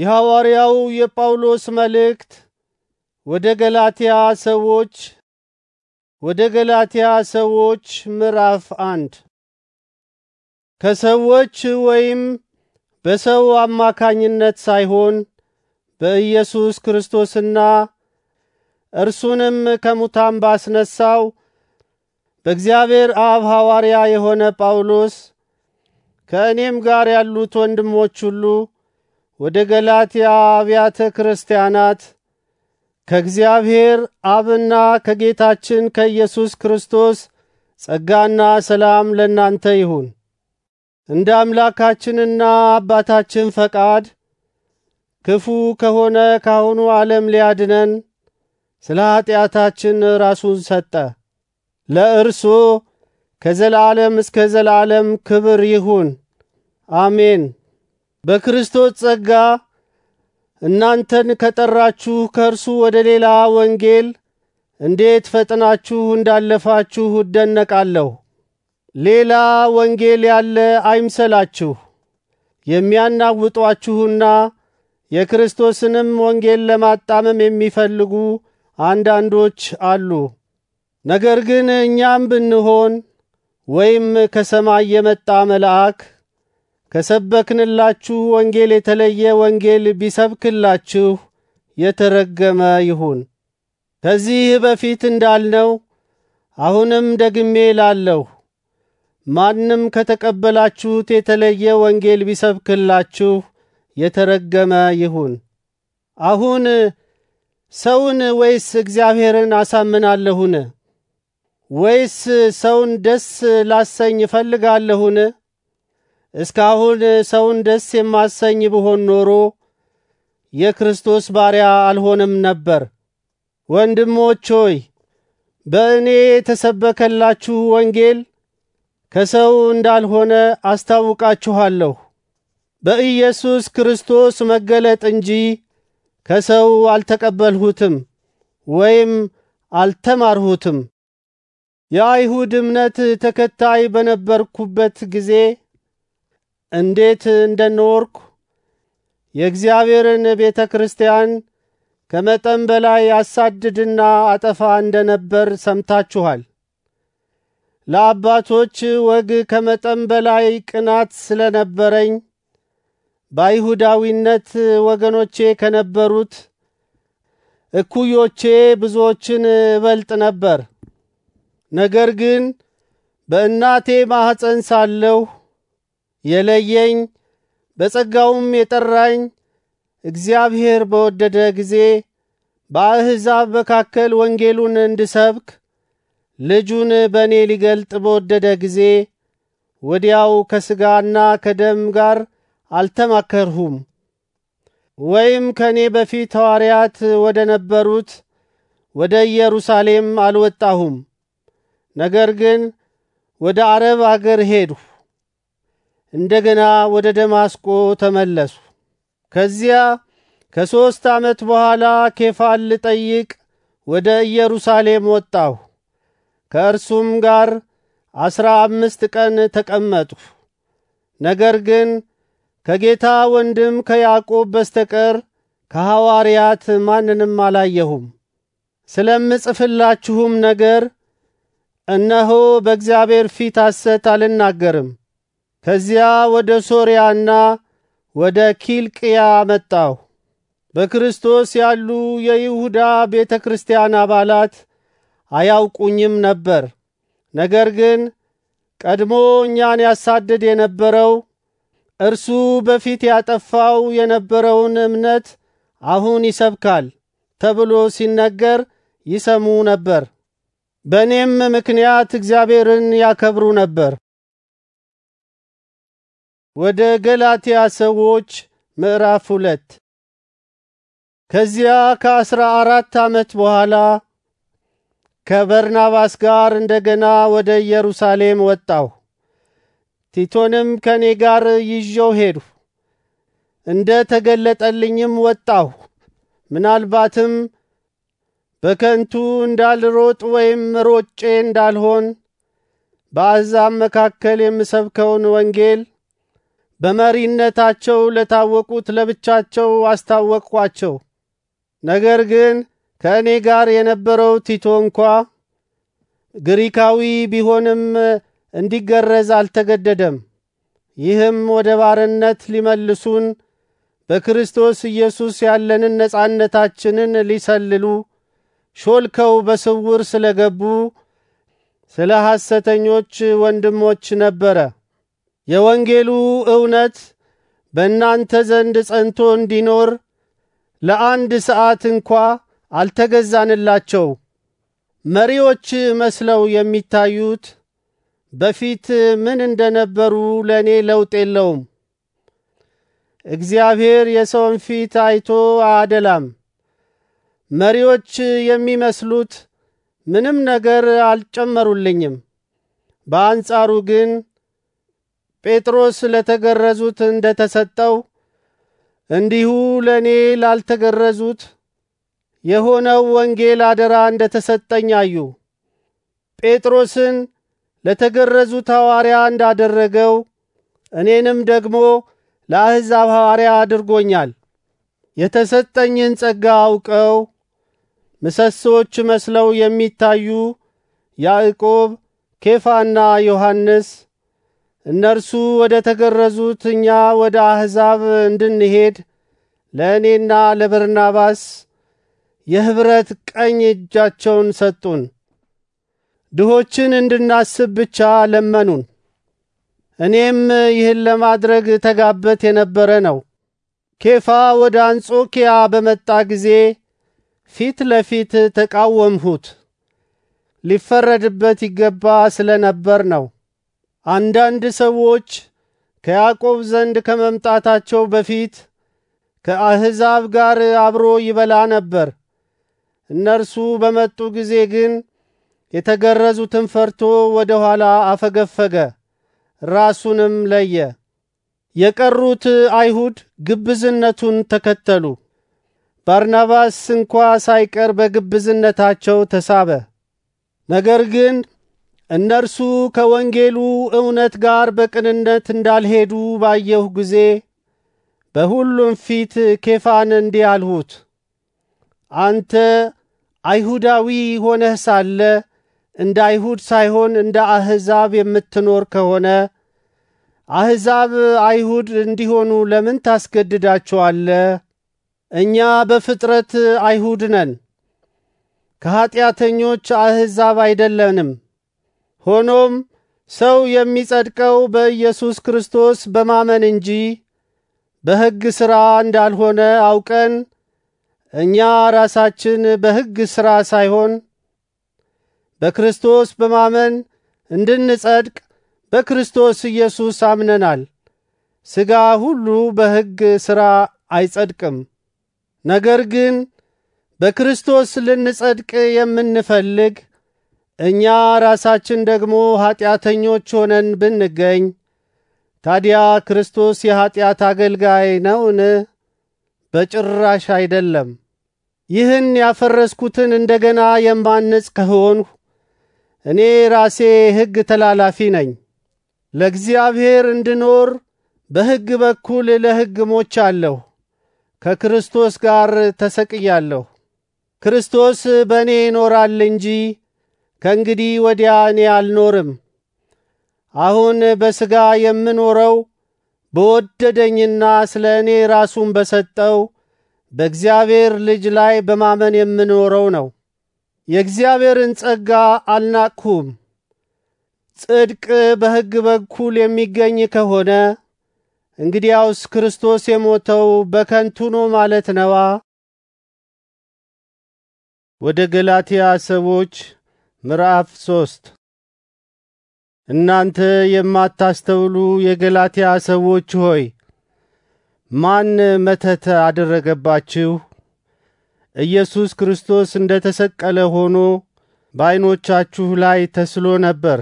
የሐዋርያው የጳውሎስ መልእክት ወደ ገላትያ ሰዎች ወደ ገላትያ ሰዎች ምዕራፍ አንድ ከሰዎች ወይም በሰው አማካኝነት ሳይሆን በኢየሱስ ክርስቶስና እርሱንም ከሙታን ባስነሳው በእግዚአብሔር አብ ሐዋርያ የሆነ ጳውሎስ ከእኔም ጋር ያሉት ወንድሞች ሁሉ ወደ ገላትያ አብያተ ክርስቲያናት ከእግዚአብሔር አብና ከጌታችን ከኢየሱስ ክርስቶስ ጸጋና ሰላም ለእናንተ ይሁን። እንደ አምላካችንና አባታችን ፈቃድ ክፉ ከሆነ ካሁኑ ዓለም ሊያድነን ስለ ኀጢአታችን ራሱን ሰጠ። ለእርሱ ከዘላለም እስከ ዘላለም ክብር ይሁን፣ አሜን። በክርስቶስ ጸጋ እናንተን ከጠራችሁ ከእርሱ ወደ ሌላ ወንጌል እንዴት ፈጥናችሁ እንዳለፋችሁ እደነቃለሁ። ሌላ ወንጌል ያለ አይምሰላችሁ። የሚያናውጧችሁና የክርስቶስንም ወንጌል ለማጣመም የሚፈልጉ አንዳንዶች አሉ። ነገር ግን እኛም ብንሆን ወይም ከሰማይ የመጣ መልአክ ከሰበክንላችሁ ወንጌል የተለየ ወንጌል ቢሰብክላችሁ የተረገመ ይሁን። ከዚህ በፊት እንዳልነው አሁንም ደግሜ ላለሁ ማንም ከተቀበላችሁት የተለየ ወንጌል ቢሰብክላችሁ የተረገመ ይሁን። አሁን ሰውን ወይስ እግዚአብሔርን አሳምናለሁን? ወይስ ሰውን ደስ ላሰኝ እፈልጋለሁን? እስካሁን ሰውን ደስ የማሰኝ ብሆን ኖሮ የክርስቶስ ባሪያ አልሆንም ነበር። ወንድሞች ሆይ በእኔ የተሰበከላችሁ ወንጌል ከሰው እንዳልሆነ አስታውቃችኋለሁ። በኢየሱስ ክርስቶስ መገለጥ እንጂ ከሰው አልተቀበልሁትም ወይም አልተማርሁትም። የአይሁድ እምነት ተከታይ በነበርኩበት ጊዜ እንዴት እንደኖርኩ የእግዚአብሔርን ቤተ ክርስቲያን ከመጠን በላይ አሳድድና አጠፋ እንደነበር ሰምታችኋል። ለአባቶች ወግ ከመጠን በላይ ቅናት ስለነበረኝ በአይሁዳዊነት ወገኖቼ ከነበሩት እኩዮቼ ብዙዎችን እበልጥ ነበር። ነገር ግን በእናቴ ማኅፀን ሳለሁ የለየኝ በጸጋውም የጠራኝ እግዚአብሔር በወደደ ጊዜ በአሕዛብ መካከል ወንጌሉን እንድሰብክ ልጁን በእኔ ሊገልጥ በወደደ ጊዜ ወዲያው ከሥጋና ከደም ጋር አልተማከርሁም፣ ወይም ከእኔ በፊት ሐዋርያት ወደ ነበሩት ወደ ኢየሩሳሌም አልወጣሁም። ነገር ግን ወደ አረብ አገር ሄድሁ። እንደገና ወደ ደማስቆ ተመለሱ። ከዚያ ከሦስት ዓመት በኋላ ኬፋን ልጠይቅ ወደ ኢየሩሳሌም ወጣሁ። ከእርሱም ጋር አስራ አምስት ቀን ተቀመጥሁ። ነገር ግን ከጌታ ወንድም ከያዕቆብ በስተቀር ከሐዋርያት ማንንም አላየሁም። ስለምጽፍላችሁም ነገር እነሆ በእግዚአብሔር ፊት አሰት አልናገርም። ከዚያ ወደ ሶርያና ወደ ኪልቅያ መጣሁ። በክርስቶስ ያሉ የይሁዳ ቤተ ክርስቲያን አባላት አያውቁኝም ነበር። ነገር ግን ቀድሞ እኛን ያሳድድ የነበረው እርሱ በፊት ያጠፋው የነበረውን እምነት አሁን ይሰብካል ተብሎ ሲነገር ይሰሙ ነበር። በእኔም ምክንያት እግዚአብሔርን ያከብሩ ነበር። ወደ ገላትያ ሰዎች ምዕራፍ ሁለት ከዚያ ከአስራ አራት ዓመት በኋላ ከበርናባስ ጋር እንደገና ወደ ኢየሩሳሌም ወጣሁ። ቲቶንም ከኔ ጋር ይዤው ሄዱ እንደ ተገለጠልኝም ወጣሁ። ምናልባትም በከንቱ እንዳልሮጥ ወይም ሮጬ እንዳልሆን በአሕዛብ መካከል የምሰብከውን ወንጌል በመሪነታቸው ለታወቁት ለብቻቸው አስታወቅኳቸው። ነገር ግን ከእኔ ጋር የነበረው ቲቶ እንኳ ግሪካዊ ቢሆንም እንዲገረዝ አልተገደደም። ይህም ወደ ባርነት ሊመልሱን በክርስቶስ ኢየሱስ ያለንን ነጻነታችንን ሊሰልሉ ሾልከው በስውር ስለገቡ ስለ ሐሰተኞች ወንድሞች ነበረ። የወንጌሉ እውነት በእናንተ ዘንድ ጸንቶ እንዲኖር ለአንድ ሰዓት እንኳ አልተገዛንላቸው። መሪዎች መስለው የሚታዩት በፊት ምን እንደነበሩ ለእኔ ለውጥ የለውም። እግዚአብሔር የሰውን ፊት አይቶ አደላም። መሪዎች የሚመስሉት ምንም ነገር አልጨመሩልኝም። በአንጻሩ ግን ጴጥሮስ ለተገረዙት እንደ ተሰጠው እንዲሁ ለእኔ ላልተገረዙት የሆነው ወንጌል አደራ እንደ ተሰጠኝ አዩ። ጴጥሮስን ለተገረዙት ሐዋርያ እንዳደረገው እኔንም ደግሞ ለአሕዛብ ሐዋርያ አድርጎኛል። የተሰጠኝን ጸጋ አውቀው ምሰሶዎች መስለው የሚታዩ ያዕቆብ፣ ኬፋና ዮሐንስ እነርሱ ወደ ተገረዙት እኛ ወደ አሕዛብ እንድንሄድ ለእኔና ለበርናባስ የኅብረት ቀኝ እጃቸውን ሰጡን። ድሆችን እንድናስብ ብቻ ለመኑን። እኔም ይህን ለማድረግ ተጋበት የነበረ ነው። ኬፋ ወደ አንጾኪያ በመጣ ጊዜ ፊት ለፊት ተቃወምሁት፣ ሊፈረድበት ይገባ ስለነበር ነው። አንዳንድ ሰዎች ከያዕቆብ ዘንድ ከመምጣታቸው በፊት ከአሕዛብ ጋር አብሮ ይበላ ነበር። እነርሱ በመጡ ጊዜ ግን የተገረዙትን ፈርቶ ወደ ኋላ አፈገፈገ፣ ራሱንም ለየ። የቀሩት አይሁድ ግብዝነቱን ተከተሉ። ባርናባስ እንኳ ሳይቀር በግብዝነታቸው ተሳበ። ነገር ግን እነርሱ ከወንጌሉ እውነት ጋር በቅንነት እንዳልሄዱ ባየሁ ጊዜ በሁሉም ፊት ኬፋን እንዲህ አልሁት፣ አንተ አይሁዳዊ ሆነህ ሳለ እንደ አይሁድ ሳይሆን እንደ አሕዛብ የምትኖር ከሆነ አሕዛብ አይሁድ እንዲሆኑ ለምን ታስገድዳቸዋለ? እኛ በፍጥረት አይሁድ ነን፣ ከኀጢአተኞች አሕዛብ አይደለንም። ሆኖም ሰው የሚጸድቀው በኢየሱስ ክርስቶስ በማመን እንጂ በሕግ ሥራ እንዳልሆነ አውቀን እኛ ራሳችን በሕግ ሥራ ሳይሆን በክርስቶስ በማመን እንድንጸድቅ በክርስቶስ ኢየሱስ አምነናል። ሥጋ ሁሉ በሕግ ሥራ አይጸድቅም። ነገር ግን በክርስቶስ ልንጸድቅ የምንፈልግ እኛ ራሳችን ደግሞ ኀጢአተኞች ሆነን ብንገኝ ታዲያ ክርስቶስ የኀጢአት አገልጋይ ነውን? በጭራሽ አይደለም። ይህን ያፈረስኩትን እንደገና የማንጽ ከሆንሁ እኔ ራሴ ሕግ ተላላፊ ነኝ። ለእግዚአብሔር እንድኖር በሕግ በኩል ለሕግ ሞቻለሁ፣ ከክርስቶስ ጋር ተሰቅያለሁ። ክርስቶስ በእኔ ይኖራል እንጂ ከእንግዲህ ወዲያ እኔ አልኖርም፣ አሁን በሥጋ የምኖረው በወደደኝና ስለ እኔ ራሱን በሰጠው በእግዚአብሔር ልጅ ላይ በማመን የምኖረው ነው። የእግዚአብሔርን ጸጋ አልናቅሁም። ጽድቅ በሕግ በኩል የሚገኝ ከሆነ እንግዲያውስ ክርስቶስ የሞተው በከንቱ ነው ማለት ነዋ። ወደ ገላትያ ሰዎች ምዕራፍ ሶስት እናንተ የማታስተውሉ የገላትያ ሰዎች ሆይ ማን መተት አደረገባችሁ? ኢየሱስ ክርስቶስ እንደ ተሰቀለ ሆኖ በዐይኖቻችሁ ላይ ተስሎ ነበር።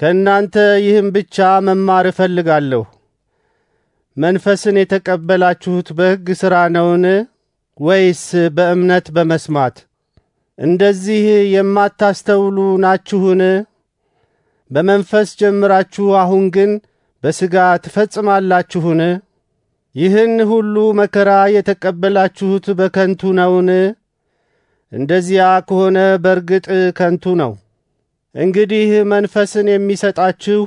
ከእናንተ ይህም ብቻ መማር እፈልጋለሁ። መንፈስን የተቀበላችሁት በሕግ ሥራ ነውን? ወይስ በእምነት በመስማት? እንደዚህ የማታስተውሉ ናችሁን? በመንፈስ ጀምራችሁ አሁን ግን በሥጋ ትፈጽማላችሁን? ይህን ሁሉ መከራ የተቀበላችሁት በከንቱ ነውን? እንደዚያ ከሆነ በርግጥ ከንቱ ነው። እንግዲህ መንፈስን የሚሰጣችሁ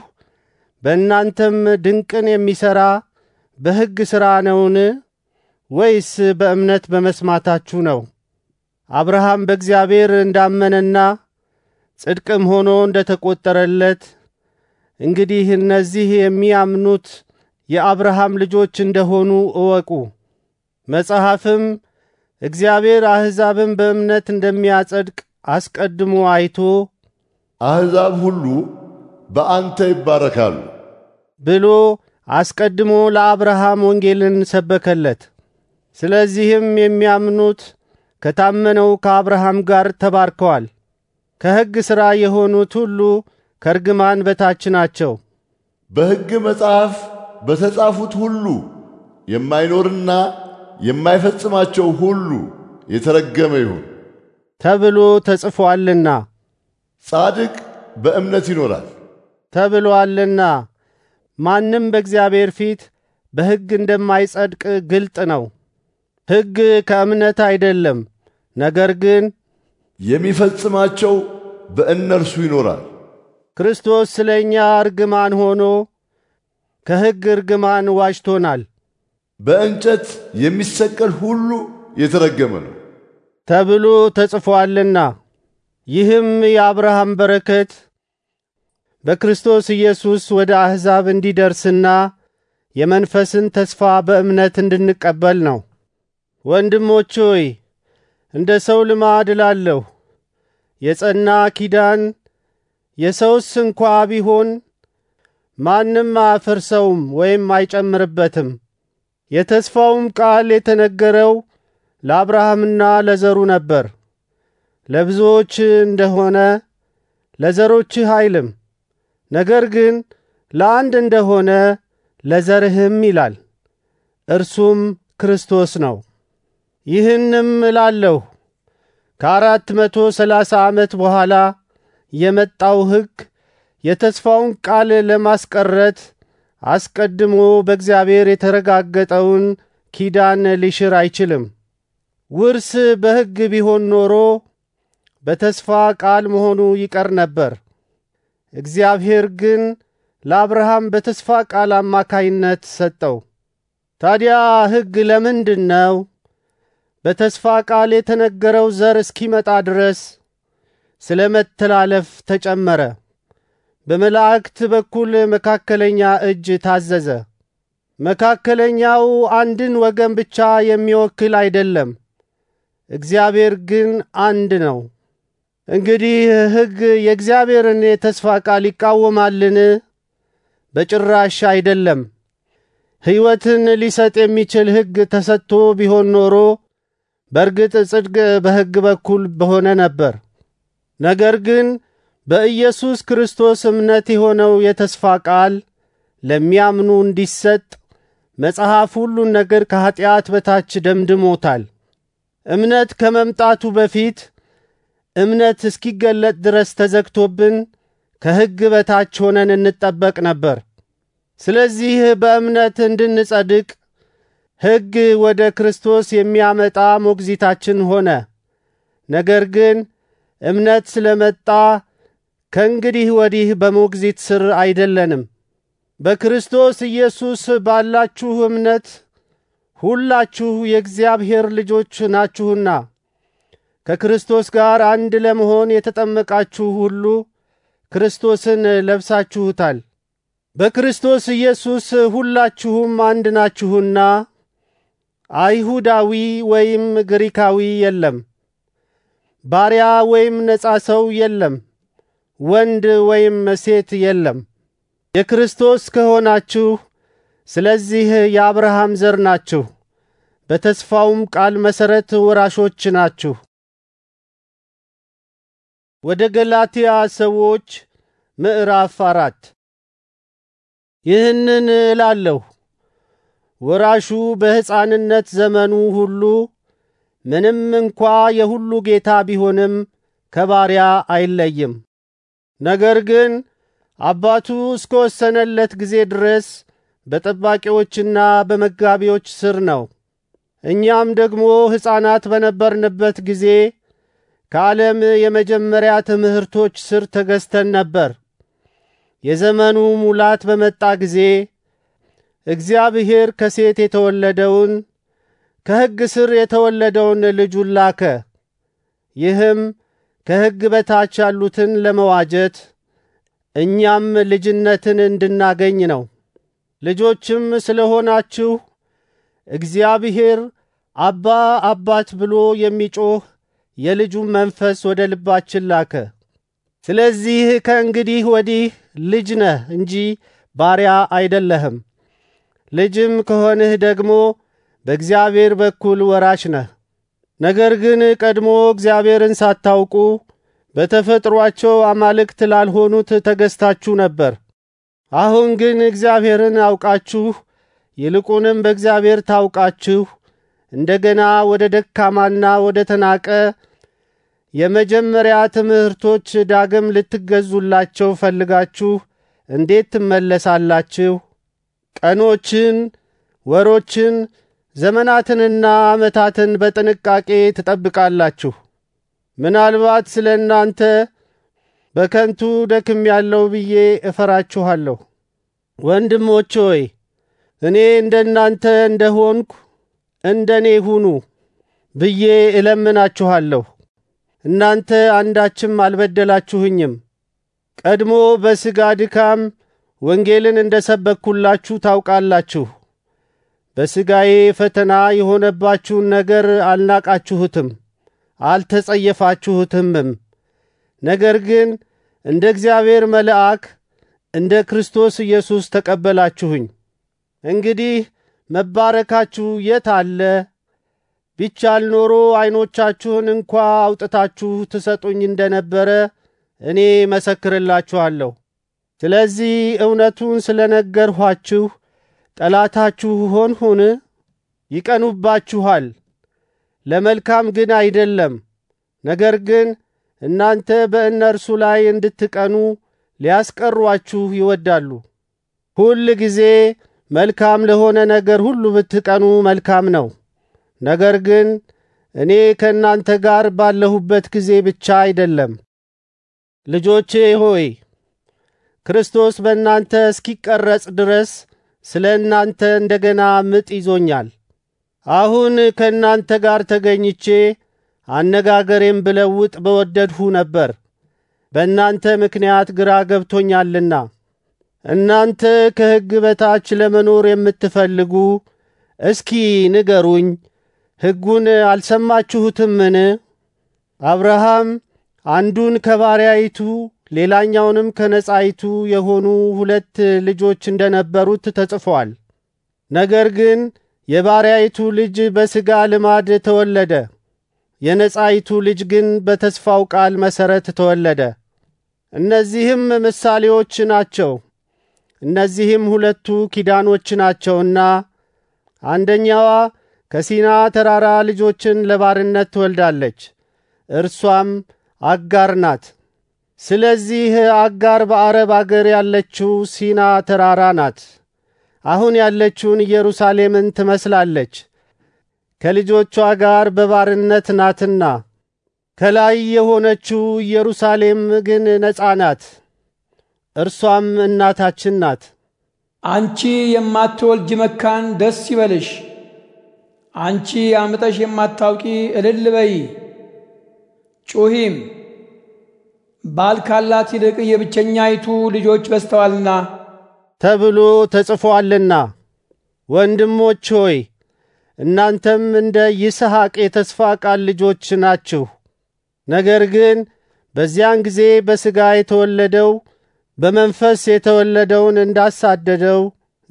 በእናንተም ድንቅን የሚሰራ በሕግ ሥራ ነውን? ወይስ በእምነት በመስማታችሁ ነው? አብርሃም በእግዚአብሔር እንዳመነና ጽድቅም ሆኖ እንደ ተቈጠረለት እንግዲህ እነዚህ የሚያምኑት የአብርሃም ልጆች እንደሆኑ እወቁ። መጽሐፍም እግዚአብሔር አሕዛብን በእምነት እንደሚያጸድቅ አስቀድሞ አይቶ አሕዛብ ሁሉ በአንተ ይባረካሉ ብሎ አስቀድሞ ለአብርሃም ወንጌልን ሰበከለት። ስለዚህም የሚያምኑት ከታመነው ከአብርሃም ጋር ተባርከዋል። ከሕግ ሥራ የሆኑት ሁሉ ከርግማን በታች ናቸው። በሕግ መጽሐፍ በተጻፉት ሁሉ የማይኖርና የማይፈጽማቸው ሁሉ የተረገመ ይሁን ተብሎ ተጽፎአልና። ጻድቅ በእምነት ይኖራል ተብሎአልና። ማንም በእግዚአብሔር ፊት በሕግ እንደማይጸድቅ ግልጥ ነው። ሕግ ከእምነት አይደለም፣ ነገር ግን የሚፈጽማቸው በእነርሱ ይኖራል። ክርስቶስ ስለ እኛ እርግማን ሆኖ ከሕግ እርግማን ዋጅቶናል። በእንጨት የሚሰቀል ሁሉ የተረገመ ነው ተብሎ ተጽፏልና ይህም የአብርሃም በረከት በክርስቶስ ኢየሱስ ወደ አሕዛብ እንዲደርስና የመንፈስን ተስፋ በእምነት እንድንቀበል ነው። ወንድሞች ሆይ እንደ ሰው ልማድ እላለሁ፣ የጸና ኪዳን የሰውስ እንኳ ቢሆን ማንም አያፈርሰውም ወይም አይጨምርበትም። የተስፋውም ቃል የተነገረው ለአብርሃምና ለዘሩ ነበር። ለብዙዎች እንደሆነ ለዘሮችህ አይልም፣ ነገር ግን ለአንድ እንደሆነ ለዘርህም ይላል፣ እርሱም ክርስቶስ ነው። ይህንም እላለሁ ከአራት መቶ ሰላሳ ዓመት በኋላ የመጣው ሕግ የተስፋውን ቃል ለማስቀረት አስቀድሞ በእግዚአብሔር የተረጋገጠውን ኪዳን ሊሽር አይችልም። ውርስ በሕግ ቢሆን ኖሮ በተስፋ ቃል መሆኑ ይቀር ነበር። እግዚአብሔር ግን ለአብርሃም በተስፋ ቃል አማካይነት ሰጠው። ታዲያ ሕግ ለምንድን ነው? በተስፋ ቃል የተነገረው ዘር እስኪመጣ ድረስ ስለ መተላለፍ ተጨመረ። በመላእክት በኩል መካከለኛ እጅ ታዘዘ። መካከለኛው አንድን ወገን ብቻ የሚወክል አይደለም፣ እግዚአብሔር ግን አንድ ነው። እንግዲህ ሕግ የእግዚአብሔርን የተስፋ ቃል ይቃወማልን? በጭራሽ አይደለም። ሕይወትን ሊሰጥ የሚችል ሕግ ተሰጥቶ ቢሆን ኖሮ በእርግጥ ጽድቅ በሕግ በኩል በሆነ ነበር። ነገር ግን በኢየሱስ ክርስቶስ እምነት የሆነው የተስፋ ቃል ለሚያምኑ እንዲሰጥ መጽሐፍ ሁሉን ነገር ከኀጢአት በታች ደምድሞታል። እምነት ከመምጣቱ በፊት እምነት እስኪገለጥ ድረስ ተዘግቶብን ከሕግ በታች ሆነን እንጠበቅ ነበር። ስለዚህ በእምነት እንድንጸድቅ ሕግ ወደ ክርስቶስ የሚያመጣ ሞግዚታችን ሆነ። ነገር ግን እምነት ስለመጣ ከእንግዲህ ወዲህ በሞግዚት ስር አይደለንም። በክርስቶስ ኢየሱስ ባላችሁ እምነት ሁላችሁ የእግዚአብሔር ልጆች ናችሁና ከክርስቶስ ጋር አንድ ለመሆን የተጠመቃችሁ ሁሉ ክርስቶስን ለብሳችሁታል። በክርስቶስ ኢየሱስ ሁላችሁም አንድ ናችሁና አይሁዳዊ ወይም ግሪካዊ የለም፣ ባሪያ ወይም ነጻ ሰው የለም፣ ወንድ ወይም ሴት የለም፣ የክርስቶስ ከሆናችሁ ስለዚህ የአብርሃም ዘር ናችሁ፣ በተስፋውም ቃል መሰረት ወራሾች ናችሁ። ወደ ገላትያ ሰዎች ምዕራፍ አራት ይህንን እላለሁ ወራሹ በሕፃንነት ዘመኑ ሁሉ ምንም እንኳ የሁሉ ጌታ ቢሆንም ከባሪያ አይለይም። ነገር ግን አባቱ እስከወሰነለት ጊዜ ድረስ በጠባቂዎችና በመጋቢዎች ስር ነው። እኛም ደግሞ ሕፃናት በነበርንበት ጊዜ ከዓለም የመጀመሪያ ትምህርቶች ስር ተገዝተን ነበር። የዘመኑ ሙላት በመጣ ጊዜ እግዚአብሔር ከሴት የተወለደውን ከሕግ ስር የተወለደውን ልጁን ላከ። ይህም ከሕግ በታች ያሉትን ለመዋጀት እኛም ልጅነትን እንድናገኝ ነው። ልጆችም ስለሆናችሁ እግዚአብሔር አባ አባት ብሎ የሚጮህ የልጁን መንፈስ ወደ ልባችን ላከ። ስለዚህ ከእንግዲህ ወዲህ ልጅ ነህ እንጂ ባሪያ አይደለህም። ልጅም ከሆንህ ደግሞ በእግዚአብሔር በኩል ወራሽ ነህ። ነገር ግን ቀድሞ እግዚአብሔርን ሳታውቁ በተፈጥሯቸው አማልክት ላልሆኑት ተገዝታችሁ ነበር። አሁን ግን እግዚአብሔርን አውቃችሁ ይልቁንም በእግዚአብሔር ታውቃችሁ እንደገና ወደ ደካማና ወደ ተናቀ የመጀመሪያ ትምህርቶች ዳግም ልትገዙላቸው ፈልጋችሁ እንዴት ትመለሳላችሁ? ቀኖችን፣ ወሮችን፣ ዘመናትንና ዓመታትን በጥንቃቄ ትጠብቃላችሁ። ምናልባት ስለ እናንተ በከንቱ ደክም ያለው ብዬ እፈራችኋለሁ። ወንድሞች ሆይ እኔ እንደ እናንተ እንደ ሆንኩ እንደ እኔ ሁኑ ብዬ እለምናችኋለሁ። እናንተ አንዳችም አልበደላችሁኝም። ቀድሞ በሥጋ ድካም ወንጌልን እንደ ሰበኩላችሁ ታውቃላችሁ። በሥጋዬ ፈተና የሆነባችሁን ነገር አልናቃችሁትም፣ አልተጸየፋችሁትምም። ነገር ግን እንደ እግዚአብሔር መልአክ እንደ ክርስቶስ ኢየሱስ ተቀበላችሁኝ። እንግዲህ መባረካችሁ የት አለ? ቢቻል ኖሮ ዐይኖቻችሁን እንኳ አውጥታችሁ ትሰጡኝ እንደነበረ እኔ መሰክርላችኋለሁ። ስለዚህ እውነቱን ስለ ነገርኋችሁ ጠላታችሁ ሆንሁን? ይቀኑባችኋል። ለመልካም ግን አይደለም። ነገር ግን እናንተ በእነርሱ ላይ እንድትቀኑ ሊያስቀሯችሁ ይወዳሉ። ሁል ጊዜ መልካም ለሆነ ነገር ሁሉ ብትቀኑ መልካም ነው። ነገር ግን እኔ ከእናንተ ጋር ባለሁበት ጊዜ ብቻ አይደለም። ልጆቼ ሆይ ክርስቶስ በእናንተ እስኪቀረጽ ድረስ ስለ እናንተ እንደገና ምጥ ይዞኛል። አሁን ከእናንተ ጋር ተገኝቼ አነጋገሬም ብለውጥ በወደድሁ ነበር፣ በእናንተ ምክንያት ግራ ገብቶኛልና። እናንተ ከሕግ በታች ለመኖር የምትፈልጉ እስኪ ንገሩኝ፣ ሕጉን አልሰማችሁትምን? አብርሃም አንዱን ከባሪያይቱ ሌላኛውንም ከነጻይቱ የሆኑ ሁለት ልጆች እንደነበሩት ተጽፏል። ነገር ግን የባሪያይቱ ልጅ በሥጋ ልማድ ተወለደ፣ የነጻይቱ ልጅ ግን በተስፋው ቃል መሰረት ተወለደ። እነዚህም ምሳሌዎች ናቸው። እነዚህም ሁለቱ ኪዳኖች ናቸውና አንደኛዋ ከሲና ተራራ ልጆችን ለባርነት ትወልዳለች፣ እርሷም አጋር ናት። ስለዚህ አጋር በአረብ አገር ያለችው ሲና ተራራ ናት። አሁን ያለችውን ኢየሩሳሌምን ትመስላለች። ከልጆቿ ጋር በባርነት ናትና፣ ከላይ የሆነችው ኢየሩሳሌም ግን ነፃ ናት። እርሷም እናታችን ናት። አንቺ የማትወልጅ መካን ደስ ይበልሽ፣ አንቺ አምጠሽ የማታውቂ እልል በይ ጩሂም ባል ካላት ይልቅ የብቸኛይቱ ልጆች በዝተዋልና ተብሎ ተጽፎአልና። ወንድሞች ሆይ እናንተም እንደ ይስሐቅ የተስፋ ቃል ልጆች ናችሁ። ነገር ግን በዚያን ጊዜ በሥጋ የተወለደው በመንፈስ የተወለደውን እንዳሳደደው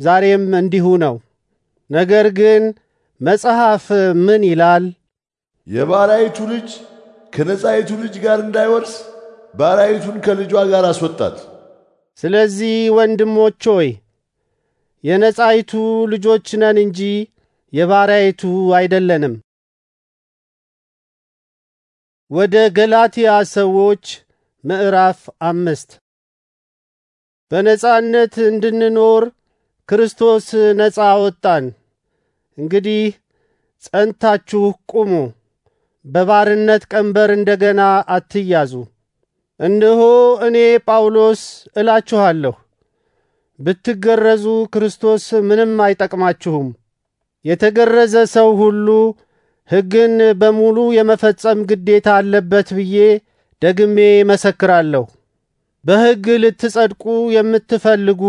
ዛሬም እንዲሁ ነው። ነገር ግን መጽሐፍ ምን ይላል? የባሪያይቱ ልጅ ከነጻይቱ ልጅ ጋር እንዳይወርስ ባራይቱን ከልጇ ጋር አስወጣት። ስለዚህ ወንድሞች ሆይ የነጻይቱ ልጆች ነን እንጂ የባሪያይቱ አይደለንም። ወደ ገላትያ ሰዎች ምዕራፍ አምስት በነጻነት እንድንኖር ክርስቶስ ነጻ አወጣን። እንግዲህ ጸንታችሁ ቁሙ፣ በባርነት ቀንበር እንደገና አትያዙ። እነሆ እኔ ጳውሎስ እላችኋለሁ፣ ብትገረዙ ክርስቶስ ምንም አይጠቅማችሁም። የተገረዘ ሰው ሁሉ ሕግን በሙሉ የመፈጸም ግዴታ አለበት ብዬ ደግሜ መሰክራለሁ። በሕግ ልትጸድቁ የምትፈልጉ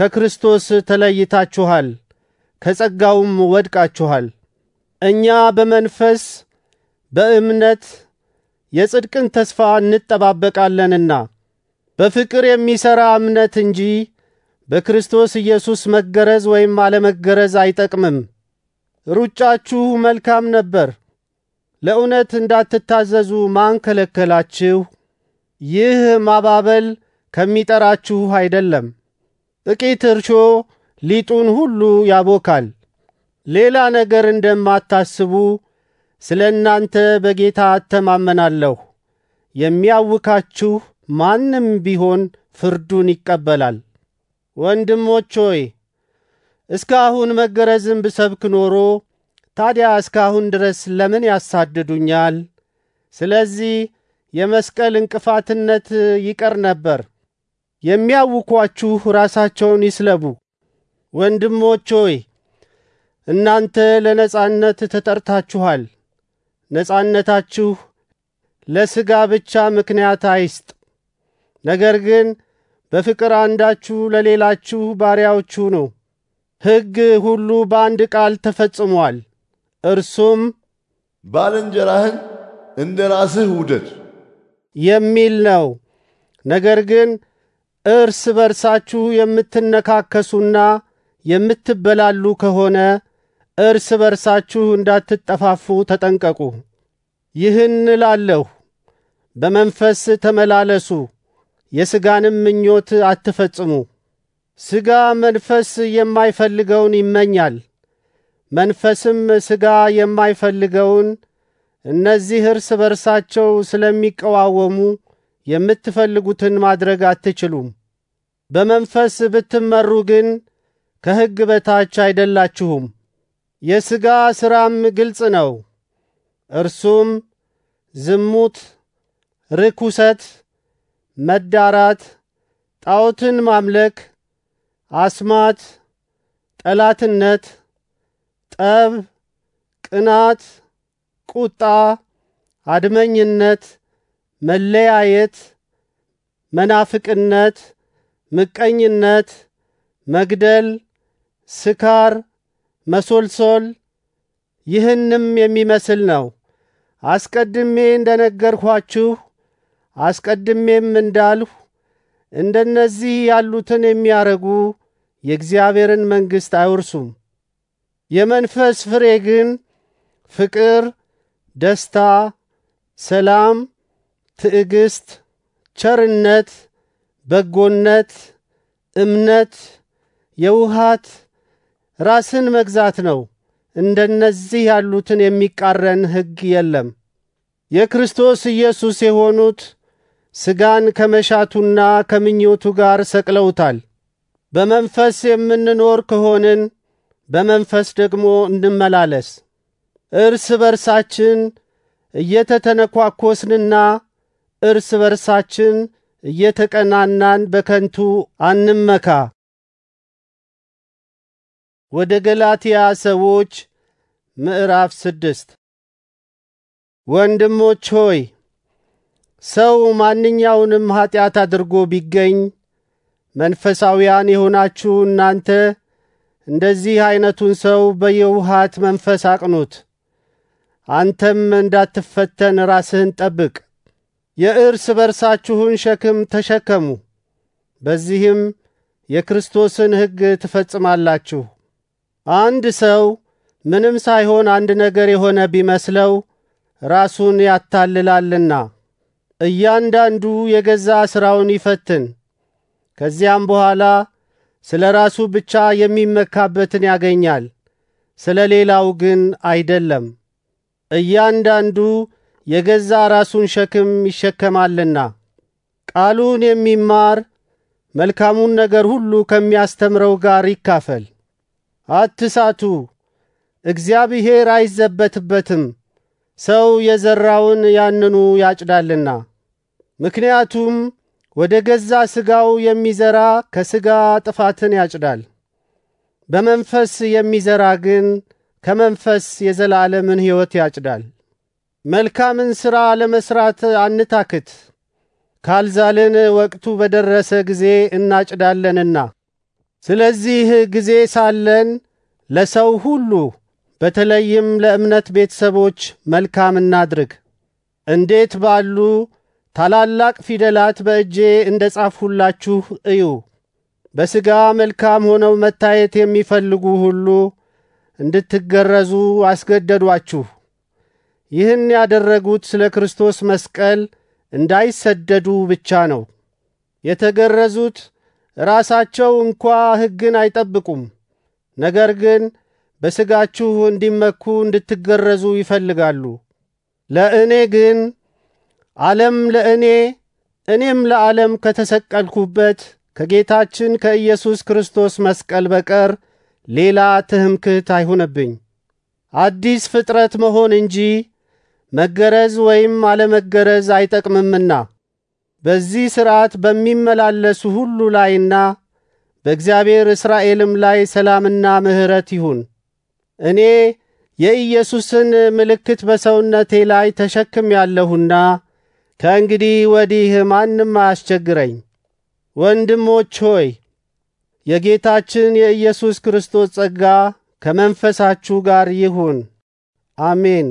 ከክርስቶስ ተለይታችኋል፣ ከጸጋውም ወድቃችኋል። እኛ በመንፈስ በእምነት የጽድቅን ተስፋ እንጠባበቃለንና በፍቅር የሚሠራ እምነት እንጂ በክርስቶስ ኢየሱስ መገረዝ ወይም አለመገረዝ አይጠቅምም። ሩጫችሁ መልካም ነበር። ለእውነት እንዳትታዘዙ ማን ከለከላችሁ? ይህ ማባበል ከሚጠራችሁ አይደለም። ጥቂት እርሾ ሊጡን ሁሉ ያቦካል። ሌላ ነገር እንደማታስቡ ስለ እናንተ በጌታ አተማመናለሁ። የሚያውካችሁ ማንም ቢሆን ፍርዱን ይቀበላል። ወንድሞች ሆይ እስካሁን መገረዝን ብሰብክ ኖሮ ታዲያ እስካሁን ድረስ ለምን ያሳድዱኛል? ስለዚህ የመስቀል እንቅፋትነት ይቀር ነበር። የሚያውኳችሁ ራሳቸውን ይስለቡ። ወንድሞች ሆይ እናንተ ለነጻነት ተጠርታችኋል። ነጻነታችሁ ለስጋ ብቻ ምክንያት አይስጥ፣ ነገር ግን በፍቅር አንዳችሁ ለሌላችሁ ባሪያዎቹ ነው። ሕግ ሁሉ በአንድ ቃል ተፈጽሟል። እርሱም ባልንጀራህን እንደ ራስህ ውደድ የሚል ነው። ነገር ግን እርስ በርሳችሁ የምትነካከሱና የምትበላሉ ከሆነ እርስ በርሳችሁ እንዳትጠፋፉ ተጠንቀቁ። ይህን እላለሁ፣ በመንፈስ ተመላለሱ፣ የሥጋንም ምኞት አትፈጽሙ። ሥጋ መንፈስ የማይፈልገውን ይመኛል፣ መንፈስም ሥጋ የማይፈልገውን እነዚህ እርስ በርሳቸው ስለሚቀዋወሙ የምትፈልጉትን ማድረግ አትችሉም። በመንፈስ ብትመሩ ግን ከሕግ በታች አይደላችሁም። የሥጋ ሥራም ግልጽ ነው፤ እርሱም ዝሙት፣ ርኩሰት፣ መዳራት፣ ጣዖትን ማምለክ፣ አስማት፣ ጠላትነት፣ ጠብ፣ ቅናት፣ ቁጣ፣ አድመኝነት፣ መለያየት፣ መናፍቅነት፣ ምቀኝነት፣ መግደል፣ ስካር መሶልሶል ይህንም የሚመስል ነው። አስቀድሜ እንደ ነገርኋችሁ አስቀድሜም እንዳልሁ እንደነዚህ ያሉትን የሚያረጉ የእግዚአብሔርን መንግሥት አይወርሱም። የመንፈስ ፍሬ ግን ፍቅር፣ ደስታ፣ ሰላም፣ ትዕግስት፣ ቸርነት፣ በጎነት፣ እምነት፣ የውሃት ራስን መግዛት ነው። እንደነዚህ ያሉትን የሚቃረን ሕግ የለም። የክርስቶስ ኢየሱስ የሆኑት ሥጋን ከመሻቱና ከምኞቱ ጋር ሰቅለውታል። በመንፈስ የምንኖር ከሆንን በመንፈስ ደግሞ እንመላለስ። እርስ በርሳችን እየተተነኳኮስንና እርስ በርሳችን እየተቀናናን በከንቱ አንመካ። ወደ ገላትያ ሰዎች ምዕራፍ ስድስት ወንድሞች ሆይ ሰው ማንኛውንም ኀጢአት አድርጎ ቢገኝ መንፈሳውያን የሆናችሁ እናንተ እንደዚህ አይነቱን ሰው በየውሃት መንፈስ አቅኑት፣ አንተም እንዳትፈተን ራስህን ጠብቅ። የእርስ በርሳችሁን ሸክም ተሸከሙ፣ በዚህም የክርስቶስን ሕግ ትፈጽማላችሁ። አንድ ሰው ምንም ሳይሆን አንድ ነገር የሆነ ቢመስለው ራሱን ያታልላልና እያንዳንዱ የገዛ ስራውን ይፈትን። ከዚያም በኋላ ስለ ራሱ ብቻ የሚመካበትን ያገኛል፣ ስለ ሌላው ግን አይደለም። እያንዳንዱ የገዛ ራሱን ሸክም ይሸከማልና። ቃሉን የሚማር መልካሙን ነገር ሁሉ ከሚያስተምረው ጋር ይካፈል። አትሳቱ፣ እግዚአብሔር አይዘበትበትም፣ ሰው የዘራውን ያንኑ ያጭዳልና። ምክንያቱም ወደ ገዛ ሥጋው የሚዘራ ከሥጋ ጥፋትን ያጭዳል፣ በመንፈስ የሚዘራ ግን ከመንፈስ የዘላለምን ሕይወት ያጭዳል። መልካምን ሥራ ለመሥራት አንታክት፣ ካልዛልን ወቅቱ በደረሰ ጊዜ እናጭዳለንና። ስለዚህ ጊዜ ሳለን ለሰው ሁሉ በተለይም ለእምነት ቤተሰቦች መልካም እናድርግ። እንዴት ባሉ ታላላቅ ፊደላት በእጄ እንደ ጻፍሁላችሁ እዩ። በሥጋ መልካም ሆነው መታየት የሚፈልጉ ሁሉ እንድትገረዙ አስገደዷችሁ። ይህን ያደረጉት ስለ ክርስቶስ መስቀል እንዳይሰደዱ ብቻ ነው። የተገረዙት ራሳቸው እንኳ ሕግን አይጠብቁም። ነገር ግን በሥጋችሁ እንዲመኩ እንድትገረዙ ይፈልጋሉ። ለእኔ ግን ዓለም ለእኔ እኔም ለዓለም ከተሰቀልኩበት ከጌታችን ከኢየሱስ ክርስቶስ መስቀል በቀር ሌላ ትምክህት አይሁንብኝ። አዲስ ፍጥረት መሆን እንጂ መገረዝ ወይም አለመገረዝ አይጠቅምምና በዚህ ሥርዓት በሚመላለሱ ሁሉ ላይና በእግዚአብሔር እስራኤልም ላይ ሰላምና ምሕረት ይሁን። እኔ የኢየሱስን ምልክት በሰውነቴ ላይ ተሸክም ያለሁና ከእንግዲህ ወዲህ ማንም አያስቸግረኝ። ወንድሞች ሆይ የጌታችን የኢየሱስ ክርስቶስ ጸጋ ከመንፈሳችሁ ጋር ይሁን። አሜን።